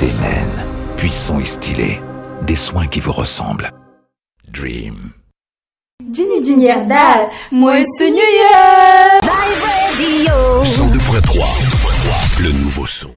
des naines, puissant et stylés, des soins qui vous ressemblent. Dream. Jini Jini Erdal, moi c'est New Year! Radio! 102.3, le nouveau son.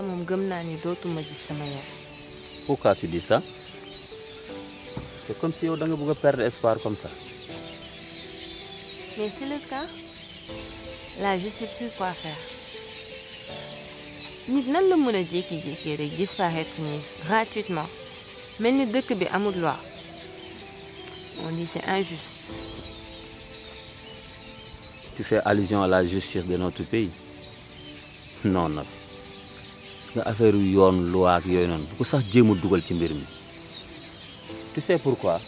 mon pourquoi tu dis ça c'est comme si on perdre espoir comme ça. mais c'est le cas là je sais plus quoi faire nit nan la a disparaître gratuitement mel ni de bi loi on dit c'est injuste. Tu fais allusion à la justice de notre pays Non non. C'est une affaire yu une loi qui est une loi ko sax jéem a ci tu sais pourquoi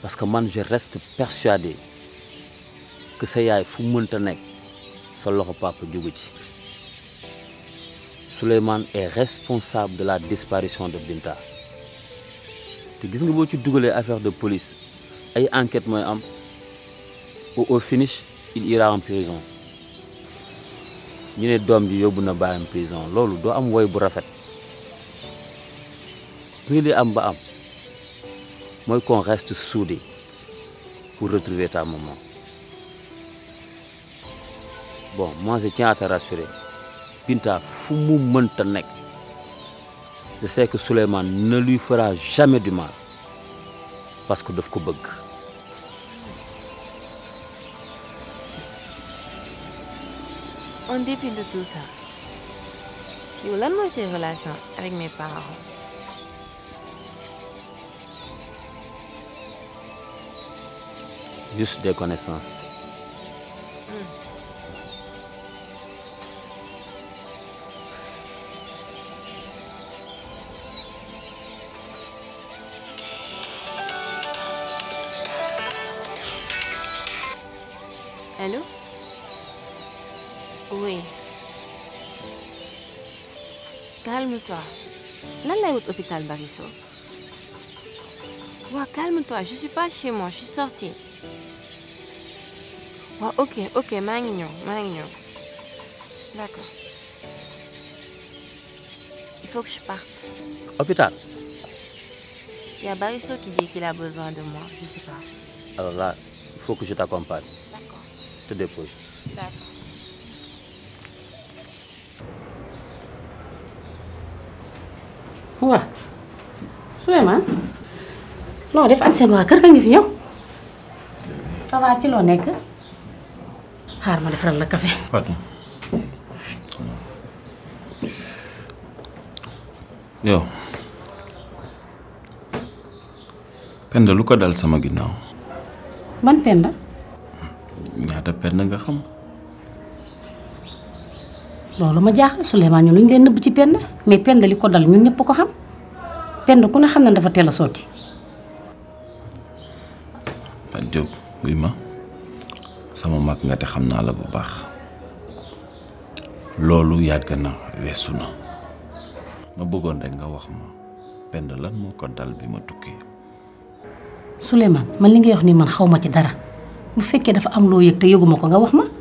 parce que moi je reste persuadé que ça yaay fu mënta nekk sur le papa jógu ci Souleymane est responsable de la disparition de Binta tu gis que tu ci les affaire de police ay enquête une am au finish il ira en prison ñu ne doom ji qui sont prison loolu do am est bu rafet Il qu'on reste soudé pour retrouver ta maman bon moi je tiens à te rassurer je sais que Souleymane ne lui fera jamais du mal parce que daf En dépit de tout ça Je lan relations avec mes parents. juste des connaissances. Hmm. calme-toi. Là, calme-toi je suis pas chez moi je suis sortie ok ok magnon d'accord il faut que je parte. hôpital. Il y a Bariso qui dit qu'il a besoin de moi je sais pas. alors là il faut que je t'accompagne. d'accord. te dépose. d'accord. waaw Souleymane non def an seen waa kër ga ngi fi ñëw ça ci loo nekk xaar ma defaral la café yow Penda lu ko dal sama ginnaaw ban Penda ñaata Penda nga xam Lolo ma jaaxal Souleymane ñun lu ñu leen neub ci pen mais Penda li ko dal ñun ñep ko xam pen ku na xam na dafa téla soti sotti. wi ma sama mak nga te xam la bu baax loolu yag na weesu na ma bëggon rek nga wax ma pen lan dal bi ma tukki Souleymane man li ngay wax ni man xawma ci dara bu fekke dafa am lo yek te yeguma ko nga wax ma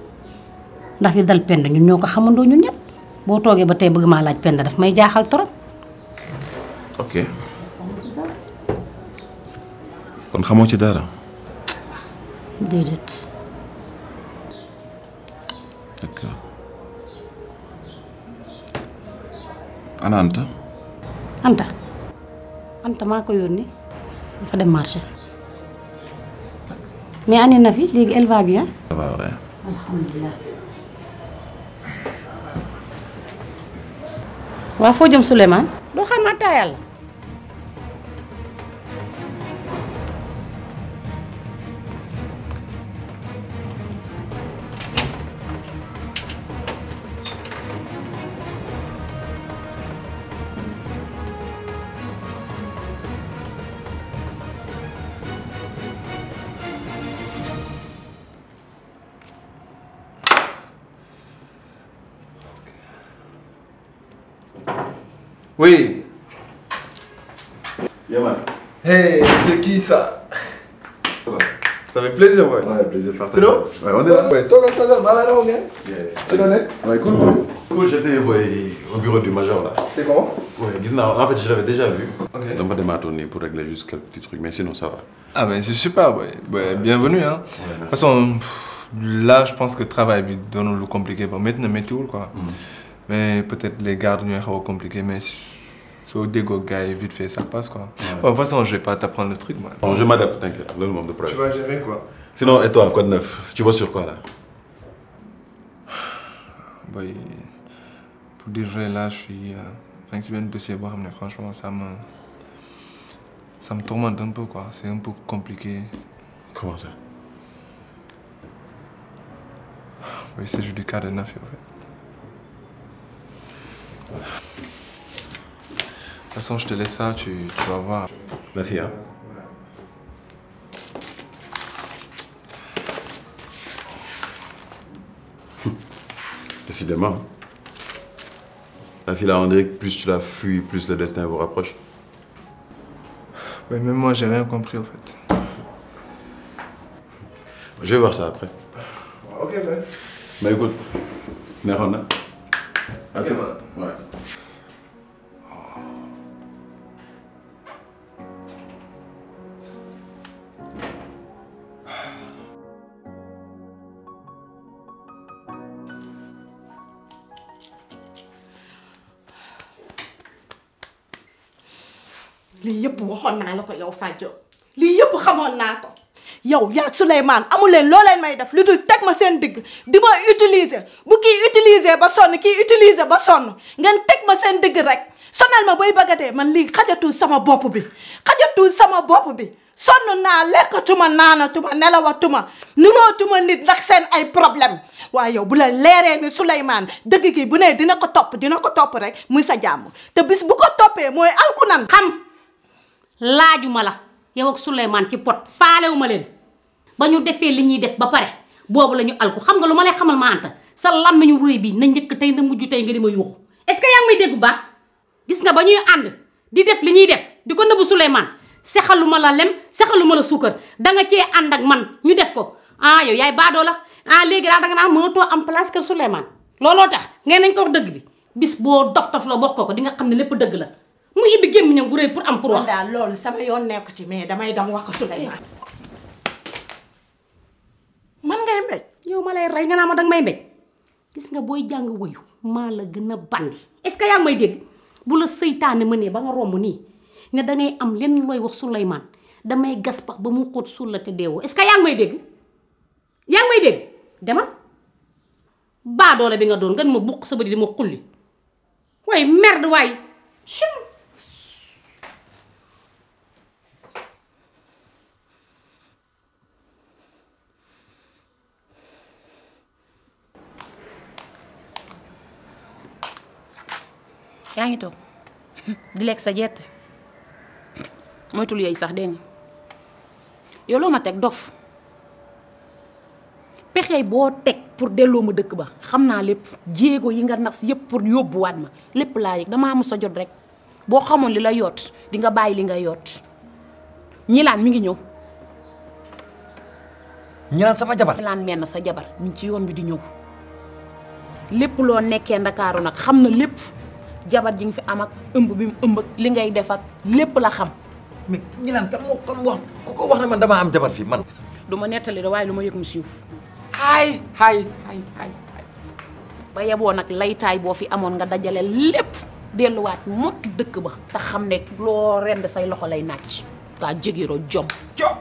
ndax li dal pend ñun ñoko xamando ñun ñet bo toge ba tay bëgg ma laaj pend daf may jaaxal torop ok kon xamo ci dara dedet d'accord ana anta anta anta maa ko fa dem marché mais ani na fi léegi elle va bien ça va ouais alhamdulillah waa foo jëm Souleymane. doo xam naa attaaya la Oui. Yaman. Hey, c'est qui ça Ça fait plaisir, ouais. Ouais, plaisir partage. C'est nous Ouais, on est là. Ouais, toi, mal à malade, on est là. T'es honnête Ouais, cool. Cool, j'étais au bureau du major là. C'est comment Ouais, en fait, je l'avais déjà vu. Ok. Donc, pas de démarrer pour régler juste quelques petits trucs, mais sinon, ça va. Ah, ben, c'est super, ouais. ouais. Bienvenue, hein. De toute façon, là, je pense que le travail, dans le compliqué. Bon, maintenant, météo, quoi. Mm mais peut-être les gardes nous sont compliqué mais So dégo gars vite fait ça passe quoi. de toute façon je vais pas t'apprendre le truc moi..! bon je m'adapte t'inquiète le de tu vas gérer quoi. sinon et toi quoi de neuf tu vois sur quoi là. boy pour dire vrai là je suis un petit peu de dossier mais franchement ça me ça me tourmente un peu quoi c'est un peu compliqué. comment ça. oui c'est juste du cas de neuf en fait. De toute façon, je te laisse ça, tu, tu vas voir. La fille, hein Décidément. La fille rendu que plus tu la fuis, plus le destin vous rapproche. Oui, même moi, j'ai rien compris, au fait. Je vais voir ça après. Ok, ben. Mais écoute, merde. yow lii yëpp xamoon naa ko yow yaa Souleymane amu leen loo leen may def lu dul teg ma seen digg di ma utiliser bu kii utiliser ba sonn kii utiliser ba sonn ngeen teg ma seen digg rek sonal ma bay bagatee man lii xajatul sama bopp bi xajatul sama bopp bi sonn naa nelawa tuma nelawatuma nurootuma nit ndax seen ay problème waaye yow bu la leeree ni Souleymane dëgg gi bu ne dina ko topp dina ko topp rek muy sa jàmm te bis bu ko toppee mooy alkunan Laju la yow ak Souleymane ci pot faalewuma leen ba ñu defee li ñi def ba paré Bua lañu alku xam nga luma lay xamal ma anta sa lamiñu réy bi na ñëk tay na muju tay nga di ma est ce que yang may dégg ba gis nga and di def li ñi def diko neub nëbbu Souleymane sexaluma la lem sexaluma la suukar da nga ci and ak man ñu def ko ah yow yaay baadoo la ah légui da nga naan mënatoo am place ke lolo tax ngeen nañ ko wax bi bis bo dof dof la bokko ko di nga xamne lepp la mu ibbi gémmiñam bu rëy pour am pour wax. daal loolu sama yoon nekk ci mais damay dem wax ko Souleymane. man ngay mbéj. yow ma lay rey nga naa ma danga may mbéj gis nga booy jàng woyu maa la gën a bandi est-ce que yaa ngi may dégg bu la ba nga romb nii ne dangay am lenn looy wax Souleymane damay gas pax ba mu xóot suul la te deewoo est-ce que yaa ngi may dégg yaa ngi may dégg demal baa doole bi nga doon nga ma buq sa bëri di ma xulli waaye merde waay. yaangi ngi toog di lekk sa jett moytul yey sax dégg nga yow loo ma teg dof pexey boo teg pour delloo ma dëkk ba xam naa lépp jéego yi nga nas yépp pour yóbbuwaat ma lépp laa yëg damaa mos a jot rek boo xamoon li la yoot di nga bàyyi li nga yoot ñilaan mi ngi ñëw. ñilaan sama jabar. ñilaan menn sa jabar ñu ci yoon bi di ñëw lépp loo nekkee ndakaaru nag xam na jabar jing fi am ak ëmb bi mu ak li ngay def ak lepp la xam. mais ñu kan mo kan wax ku ko wax na man dama am jabar fi man. duma netali da way luma lu ma yëg mu siiw. hay ay ay ay ba yeboo nag laytaay boo fi amone nga dajale delu wat mot dekk ba. ta xam ne rend say loxo lay naaj. ta jegiro jom. jom.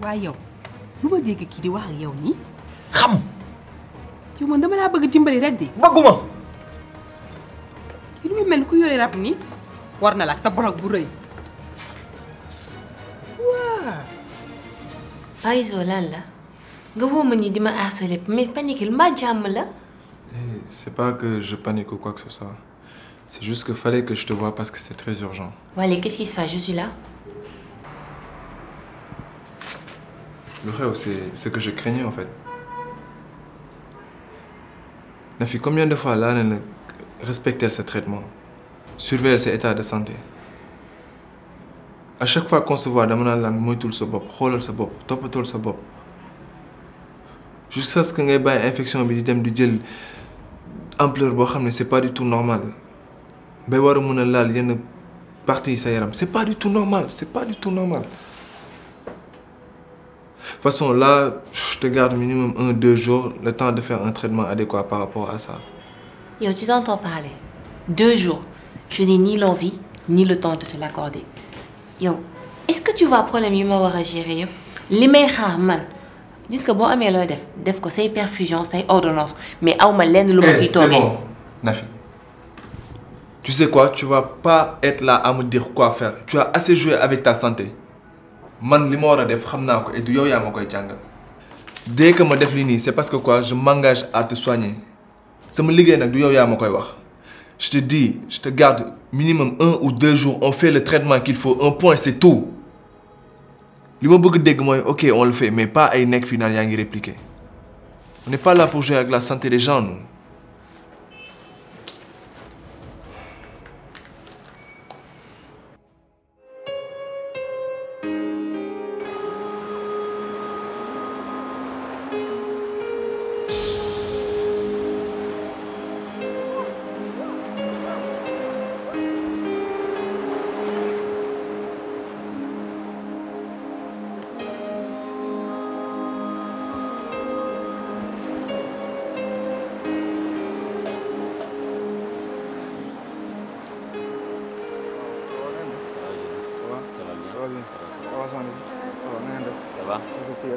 waaye yow lu ma di wax ak yow ni xam. yow man dama laa bëgg dimbali rek di. bëgguma. li muy mel ku yore rab nii war na la sa bolok bu reuy. waaw. Pariso lan la nga woo ni dima ma mais panique ma jàmm la. Eh, c'est pas que je panique ou quoi que ce soit c'est juste que fallait que je te voie parce que c'est très urgent. Ouais, allez, qu'est-ce qui se passe Je suis là. Le rêve, c'est ce que je craignais en fait combien de fois respecter ce traitement surveiller cet état de santé à chaque fois qu'on se voit je la langue, on le jusqu'à ce que ait une infection bi di c'est pas du tout normal bay war partie c'est pas du tout normal c'est pas du tout normal toute façon, là, je te garde minimum un, deux jours, le temps de faire un traitement adéquat par rapport à ça. Yo, tu t'entends parler. Deux jours. Je n'ai ni l'envie, ni le temps de te l'accorder. Yo, est-ce que tu vois le problème que je gérer Les meilleurs, man. Dis que bon, amé lo def, def ko say perfusion, say ordonnance, mais awma lenn luma fi eh, togué. Bon. Nafi. Tu sais quoi, tu vas pas être là à me dire quoi faire. Tu as assez joué avec ta santé man li ma war a def xam naa ko et du yow yaa ma koy jàngal. dès que ma def li c'est parce que quoi je m'engage à te soigner sama liggéey nag du yow yaa ma koy wax je te dis je te garde minimum un ou deux jours on fait le traitement qu'il faut un point c'est tout li ma bëgg dégg mooy ok on le fait mais pas à une finale naan yaa répliquer on n'est pas là pour jouer avec la santé des gens nous.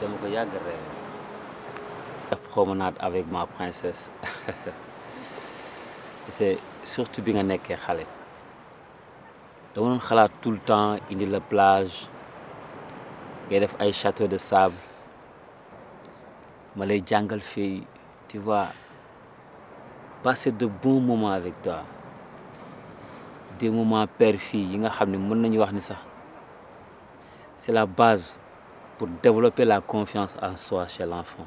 je me yàgg promenade avec ma princesse c'est surtout bi nga nekkee xale Tu doon xalaat tout le temps indi la plage à def ay château de sable ma lay jàngal tu vois passer de bons moments avec toi des moments père fille yi sais mën ni c'est la base pour développer la confiance en soi chez l'enfant.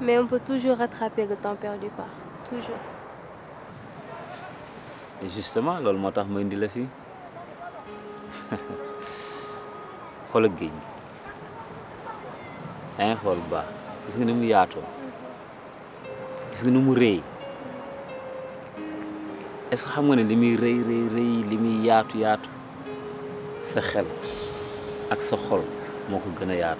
Mais on peut toujours rattraper le temps perdu pas Toujours. Et justement, c'est de je suis indi la Regarde que je est-ce que je ak sa xol moko gëna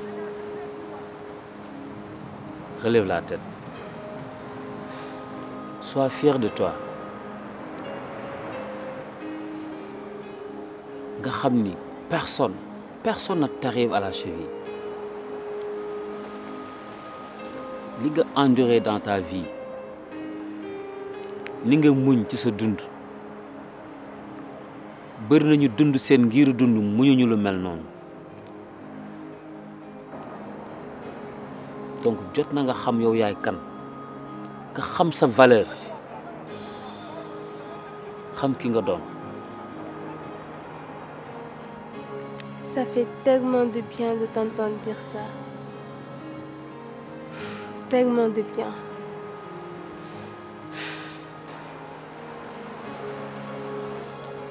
relève la tête sois fier de toi nga personne personne ne t'arrive à la cheville li nga enduré dans ta vie li nga muñ ci sa dund bëri nañu dund seen ngir dund muñuñu lu mel noonu donc jot na nga xam yow yaay kan nga xam sa valeur xam ki nga doon ça fait tellement de bien de t'entendre dire ça tellement de bien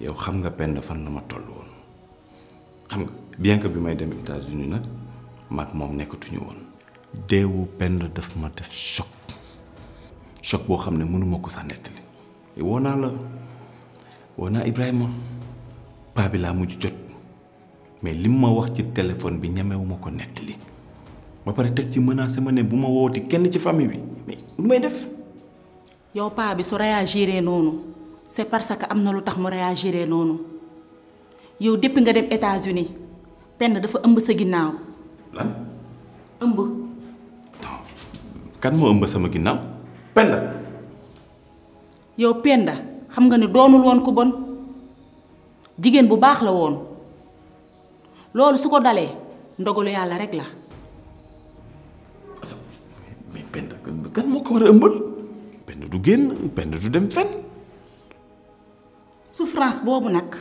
yow xam nga Penda fan la ma toll woon xam nga bien que bi may dem États-Unis nag maag moom nekkatuñu woon. deewu Penda daf ma def choc choc boo xam ne mënuma ko sax nettali. woo naa la woo naa Ibrahima paa bi laa mujj jot mais li mu ma wax ci téléphone bi ñamewuma ko nettali ba pare teg ci mën a sama ne bu ma wooti kenn ci famille bi mais lu may def. yow paa bi su réagiré noonu. c'est parce que amna lutax mo réagiré nonou yow depuis nga dem États-Unis penn dafa ëmb sa ginnaw lan ëmb. kan mo ëmb sama ginnaw Penda. yow Penda xam nga ni doonul won ku bon jigen bu bax la won loolu suko dalé ndogolu yalla rek la. mais Penda kan moo ko war a Penda du genn Penda du dem fenn souffrance bobu nak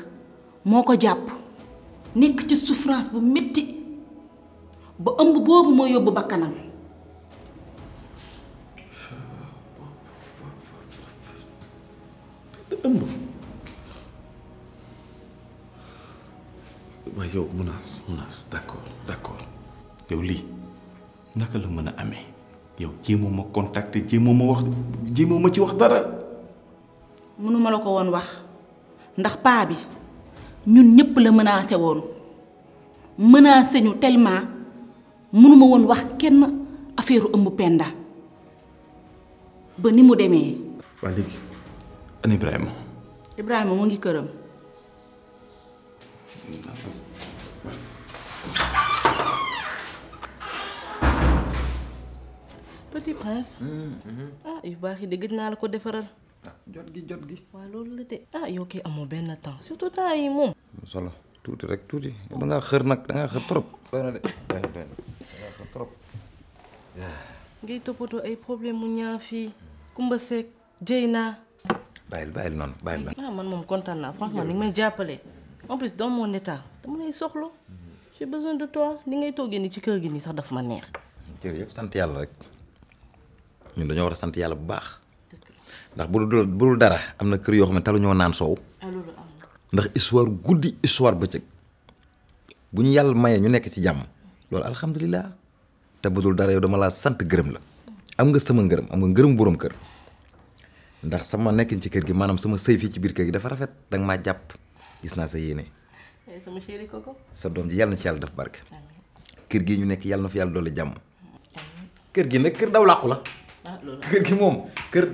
moko japp nek ci souffrance bu metti ba ëmb bobu mo yobbu bakkanam ëmb waaye yow munaas munaas d'accord d'accord yow li naka la meuna amé yow jéemoo ma contacter jéemoo ma wax jéemoo ma ci wax dara mënuma la won wax ndax paa bi ñun ñëpp la mën menacé woon a ñu tellement mënuma woon wax kenn affaire ëmb Penda ba ni mu demee. waa léegi Ibrahima. mu ngi këram. Petit mm-hmm. ah, yu baax yi de gëj naa la ko defaral. jot gi jot gi waaw loolu la de ah yow kii amoo benn temps surtout temps yi moom solo tuuti rek tuuti yow da ngaa xër nag da ngaa xër trop doy na de doy na doy na da ngaa ya. xër trop ngay toppatoo ay problème mu ñaa fii kumba seeg jëy naa bàyyil bàyyil noonu ah man moom kontaan naa franchement ni nga may jàppale en plus dans mon état dama lay soxla j'ai besoin de toi ni ngay toogee ni ci kër gi nii sax daf ma neex rek ñun dañoo war a sant bu baax ndax bu dul bu dul dara am keur yo yoo talu ñoo naan soow ah, ndax histoire guddi histoire bëccëg bu ñu yalla maye ñu nekk ci jamm lool alhamdullilah te bu dul dara yow dama la sante gërem la am nga sama gërem am nga gërem borom kër ndax sama nekk ci kër gi manam sama sëy fi ci biir kër gi dafa rafet da nga maa jàpp gis na sa yene eh, sama chéri koko sa dom ji yalla na ci yalla barke kër gi ñu nekk yalla na fi yalla doole jamm kër gi kër daw gi mom kër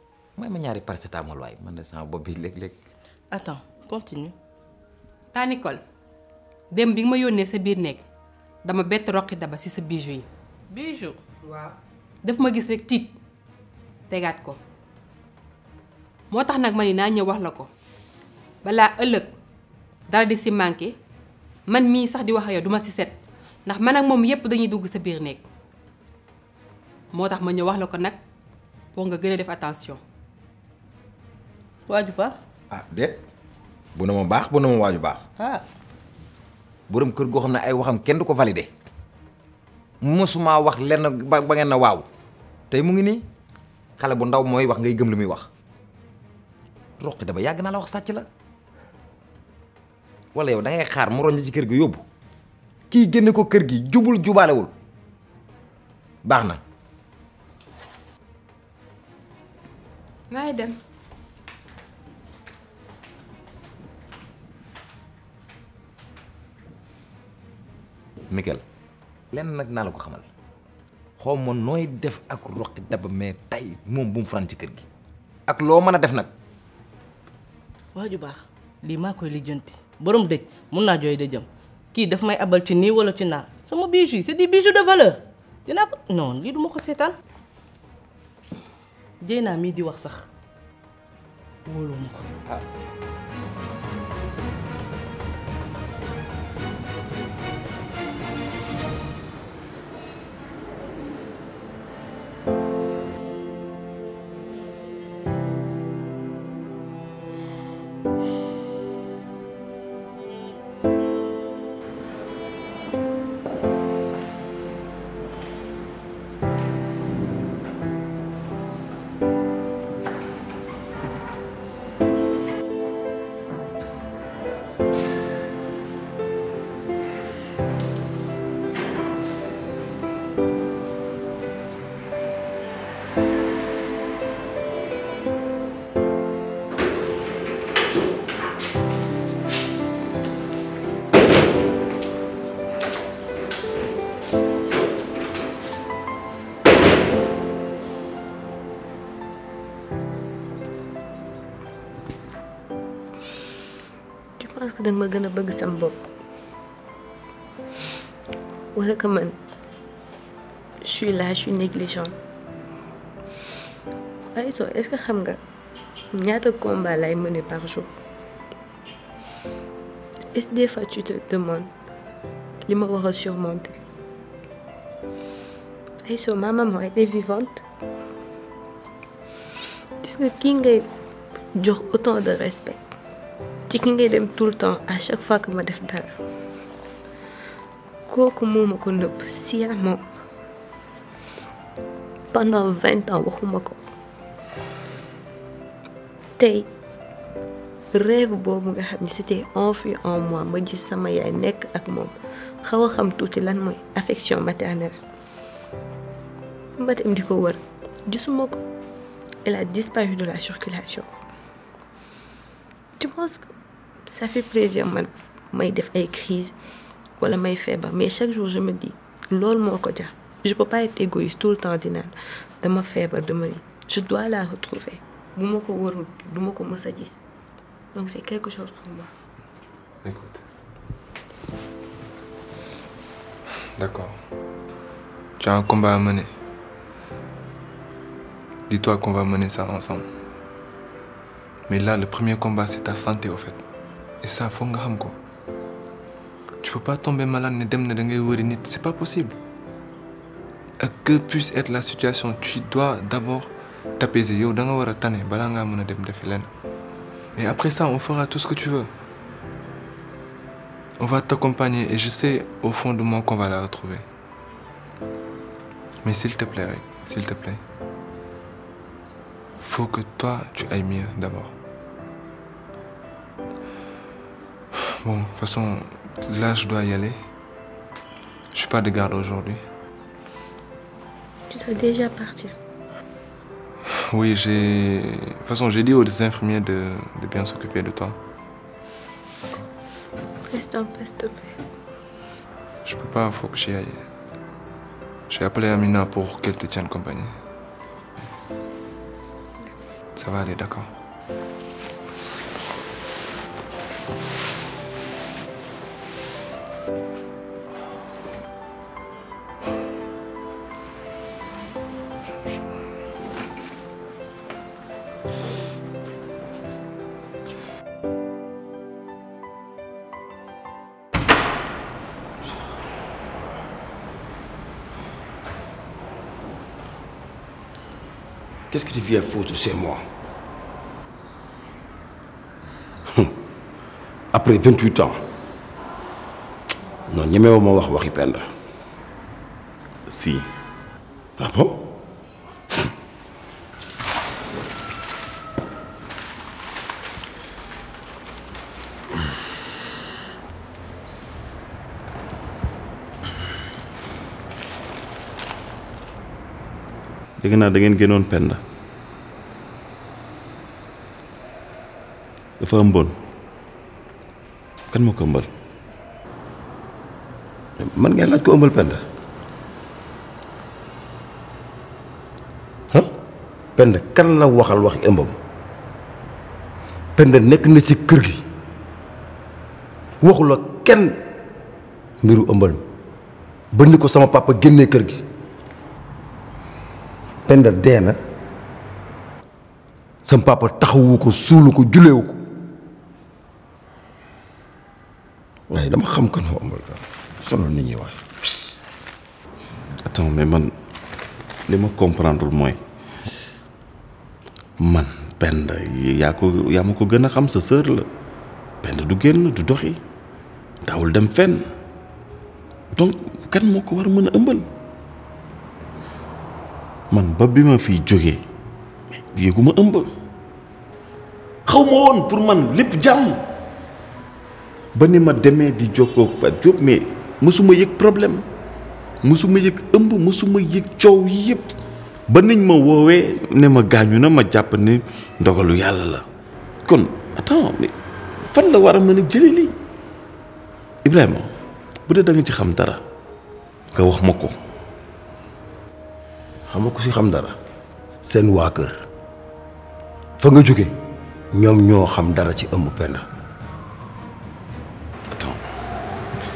may ma ñaari paracétamol waay man de sama bopp bi léeg attends continue. Ta Nicole dem bi nga ma yónnee sa biir nekk dama bett roqi daba si sa bijou yi. bijou waaw. daf ma gis rek tiit tegaat ko moo tax nag ma ni wax la ko balaa ëllëg dara di si manqué man mii sax di wax yow duma si set ndax man ak moom yépp dañuy dugg sa biir nekk moo ma ñëw wax la ko nag pour nga gën def attention waju bax ah det bu na ma bax bu na ma waju bax ah borom keur go xamna ay waxam kenn duko ko musuma wax len ba ngeen na waw tay mu ngi ni xale bu ndaw moy wax ngay gem lu wax roqi dama yag na la wax sàcc la wala yow da ngay xaar mu ronj ci keur gi yobbu ki ko keur gi jubul jubalewul baax na. dem. Mikel lenn nag naa la ko xamal xaw ma nooy def ak roqi daba mais tey moom bu mu faral ci kër gi ak loo mën a def nag waa ju baax lii maa koy lijjanti borom dëj mun naa jooy dëjam kii daf may abal ci nii wala ci naa sama bijoux yi c'est des bijoux de valeur dinaa ko non lii duma ko seetaan jéy naa mii di wax sax wóolu ko ah. que danga ma gën a bëgg sama bopp wala que man je suis là je suis négligent waaye soo est-ce que xam nga ñaata combat lay mener par jour est-ce que des fois tu te demandes li ma war a surmonter ay soo ma maman elle est vivante gis nga kii ngay jox autant de respect ci ki dem tout le temps à chaque fois que ma def dara kooku moo ko nëbb siama. pendant 20 ans waxuma ko tey rêve bobu nga xamni ne c'était enfui en moi ma gis sama yaay nek ak mom. Xawa xam touti lan moy affection maternelle ma dem di ko wër gisuma ko elle a disparu de la circulation tu penses que ça fait plaisir mal, crise mais chaque jour je me dis lol ne je peux pas être égoïste tout le temps Je ma dama faible je dois la retrouver Je donc c'est quelque chose pour moi. écoute d'accord tu as un combat à mener dis-toi qu'on va mener ça ensemble mais là le premier combat c'est ta santé au fait et ça faut nga tu peux pas tomber malade ne n'est c'est pas possible euh, que puisse être la situation tu dois d'abord t'apaiser et après ça on fera tout ce que tu veux on va t'accompagner et je sais au fond de moi qu'on va la retrouver mais s'il te plaît s'il te plaît faut que toi tu ailles mieux d'abord Bon, de toute façon, là, je dois y aller. Je suis pas de garde aujourd'hui. Tu dois déjà partir. Oui, j'ai... De toute façon, j'ai dit aux infirmiers de, bien s'occuper de toi. Reste un peu, s'il te plaît. Je peux pas, faut que j'y aille. J'ai appelé Amina pour qu'elle te tienne compagnie. Ça va aller, d'accord Qu'est-ce que tu viens foutre chez moi hum. Après 28 ans. Non, je ne sais pas si Si. Ah defe dengan da ngeen génnoon penda dafa kan mau ko ëmbal man ngeen laaj ko ëmbal penda hah penda kan la waxal wax ëmbam penda nek na ci kër gi mbiru sama papa gini kër penda dena sam papa taxawu ko suulu ko julewu dama xam kan amul amal sonal nit ñi way attends mais man lima comprendre moy man penda ya ko ya mako gëna xam sa sœur la penda du génn du doxi dawul dem fenn donc kan moko war mëna ëmbël man ba bi ma fiy jógee yéegu ma ëmb xaw ma woon pour man lépp jàmm ba ni ma demee di jokkoo ak Fatou Diop mais mosuma yëg problème mësuma yëg ëmb mosuma yëg coow yi yëpp ba niñ ma woowee ne ma gaañu na ma jàpp ne ndogalu yàlla la kon attends fan la war a mën a jële lii Ibrahima bu dee da ci xam dara nga wax ma ko. xam nga ku si xam dara seen waa kër fa nga jóge ñoom ñoo xam dara ci ëmb penda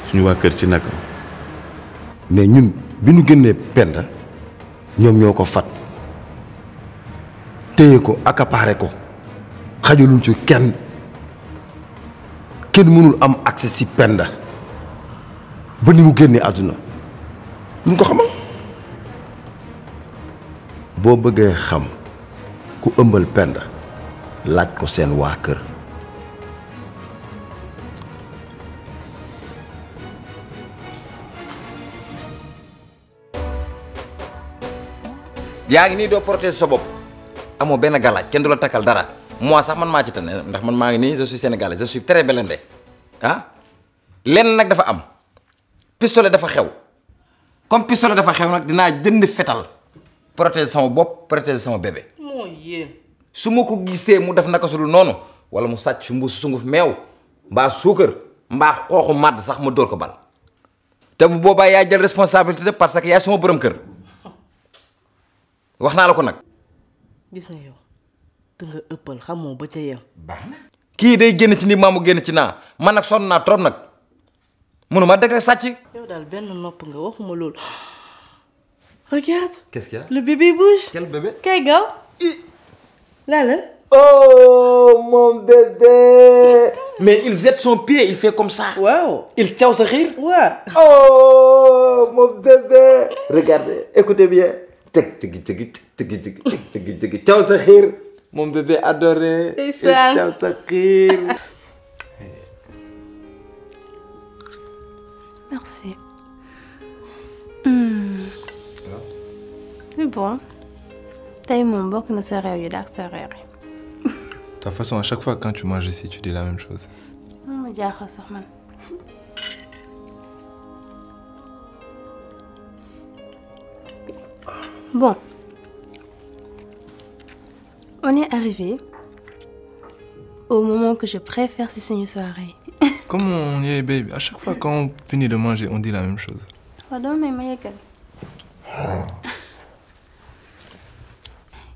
suñu waa kër ci naka mais ñun bi ñu génnee penda ñoom ñoo ko fat téye ko accaparé ko xajaluñ ci kenn kenn mënul am accès si penda ba nu mu génnee àdduna luñ ko xamal boo bëggee xam ku ëmbal pend laaj ko seen waa kër yaa ngi nii doo protéger sa bopp amoo benn galaaj kenn du la takkal dara moi sax man maa ci tane ndax man maa ngi nii je suis sénégalais je suis très belende ah? lenn nag dafa am pistolet dafa xew comme pistolet dafa xew nag dinaa jënd fetal protéger sama bopp protéger sama bébé. su ma ko gisee mu def naka su dul noonu wala mu sàcc mbuus sunguf meew mbaa suukar mbaa xooxu màdd sax ma dóor ko bal te bu boobaa yaa jël responsabilité parce que yaa suma borom kër wax naa la ko nag. gis nga yow da ba ca yem. kii day génn ci ni maamu génn ci naa man nag sonn naa trop nag mënuma dëkk sàcc. yow daal benn nopp nga waxuma loolu. Regarde. Qu'est-ce qu'il y a Le bébé bouge. Quel bébé Kaiga. Là, là. Oh, mon bébé Mais il jette son pied, il fait comme ça. Waouh. Il tient au rire. Ouais. Oh, mon bébé Regardez, écoutez bien. Ciao mon bébé adoré. C'est ça. Merci. C'est bon. Hein. T'as eu mon boc, ne serait eu Ta De toute façon, à chaque fois quand tu manges ici, tu dis la même chose. Bon. On est arrivé au moment que je préfère, ces une soirée. Comment on y est, baby À chaque fois quand on finit de manger, on dit la même chose. Pardon, mais ma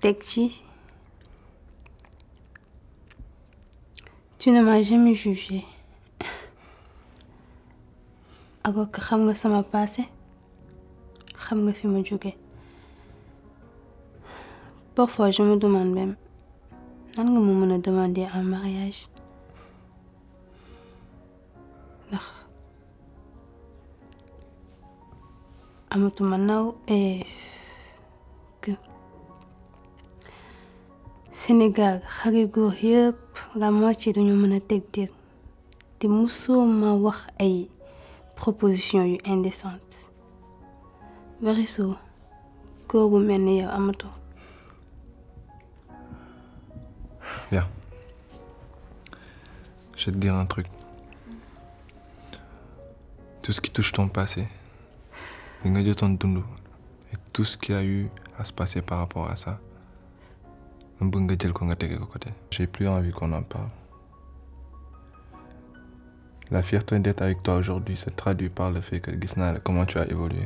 teg tu ne m'as jamais jugé que que ça m'a passé xam nga fi ma suis parfois je me demande même je me demande demander en mariage ndax amatuma naw et que Sénégal xari góor yëpp la moitié dañu mën a teg dir te musoo ma wax ay proposition yu indécente Bariso góor bu mel ni yow amatoo Viens. Je vais te dire un truc. Tout ce qui touche ton passé, et tout ce qui a eu à se passer par rapport à ça, je n'ai plus envie qu'on en parle. La fierté d'être avec toi aujourd'hui se traduit par le fait que Gisnale, comment tu as évolué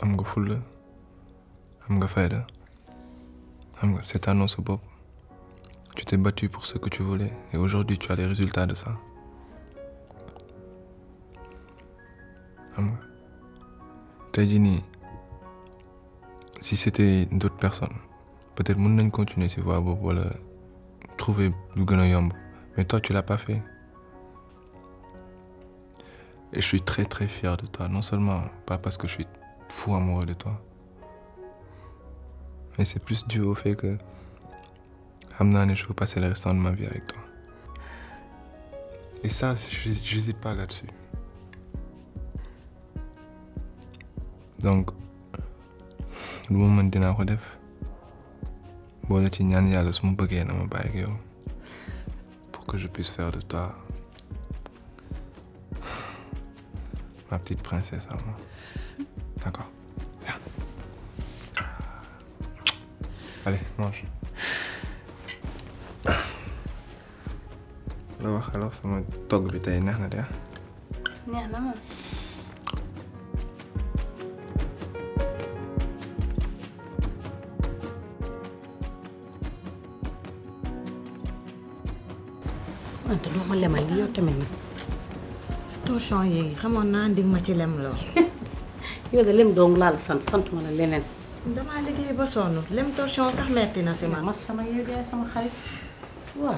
C'est suis fou am tu t'es battu pour ce que tu voulais et aujourd'hui tu as les résultats de ça si c'était d'autres personnes peut-être monde continue continuer à voir trouver du mais toi tu l'as pas fait et je suis très très fier de toi non seulement pas parce que je suis fou amoureux de toi mais c'est plus dû au fait que je veux passer le restant de ma vie avec toi et ça j'hésite pas là-dessus donc le moment de la ko Bon, tu ñaan yàlla su ma bëggee na ma bàyyi ak yow pour que je puisse faire de toi ma petite princesse à moi d'accord allez mange la alors sama togg bi tey t'as na de ah? neex na ma lemal gi yow tamit nag torsion yi xamoon naa ndig ma ci lem loo yow de lem dong laal sant sant ma la leneen damaa liggéey ba sonn lem torsion sax metti na si ma mas sama yéegee sama xarit waaw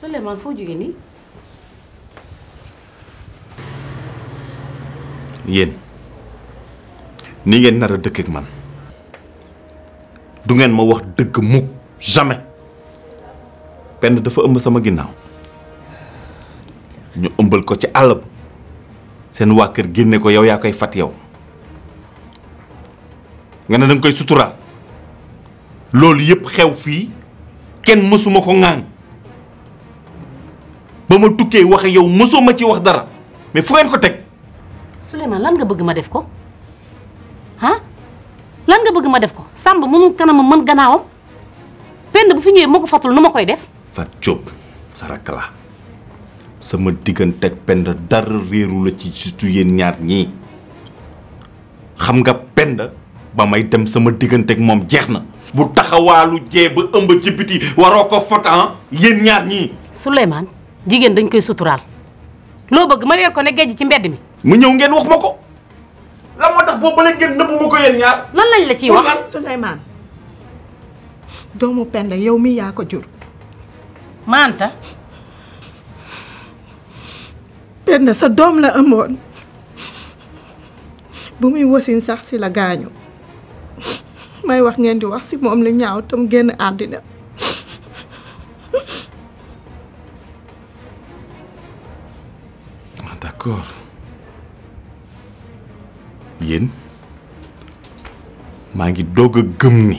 Souleymane foo jógee nii yéen ni ngeen nar a dëkk ak man du ngeen ma wax dëgg mukk jamais penn dafa ëmb sama ginnaw ñu ëmbal ko ci àll ba seen waa kër génne ko yow yaa koy fat yow nga ne da koy sutura loolu yëpp xew fii kenn mësuma ko ngaan ba ma tukkee waxe yow mësuma ci wax dara mais fu ngeen ko teg Souleymane lan nga bëgg ma def ko ha lan nga bëgg ma def ko samb mënul kanam man gannaawam pend bu fi ñëwee ma ko fatul nu ma koy def Fat Diop sa rakk la sama diggante ak Penda dara réeru la ci surtout yéen ñaar ñii xam nga pend ba may dem sama diggante ak moom jeex na. bu taxawaalu jee ba ëmb ci waroo ko fotaan ah, yéen ñaar ñii. Souleymane jigéen dañ koy suturaal loo bëgg ma weer ko ne géej ci mbedd mi. mu ñëw ngeen wax ma ko. la moo tax boobu ba léegi ngeen nëbbu ma ko yéen ñaar. lan lañ la ciy wax Souleymane doomu Penda yow mi yaa ko jur. manta maanta. penda sa doom la amoon bu muy wasin sax si la gaañu may wax ngeen di wax si moom lu ñaaw tam génn àddina ah d'accord yéen maa ngi doog a gëm ni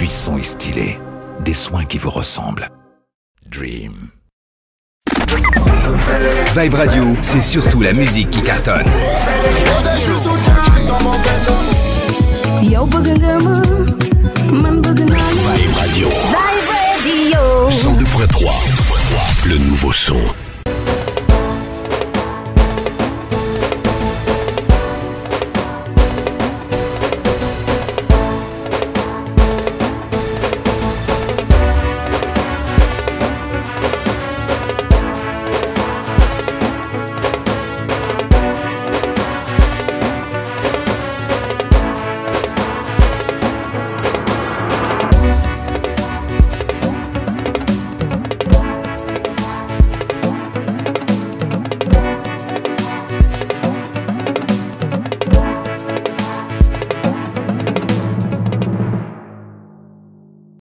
puissant et stylé. Des soins qui vous ressemblent. Dream. Vibe Radio, c'est surtout la musique qui cartonne. Yo, Vibe Radio. Vibe Radio. le nouveau son.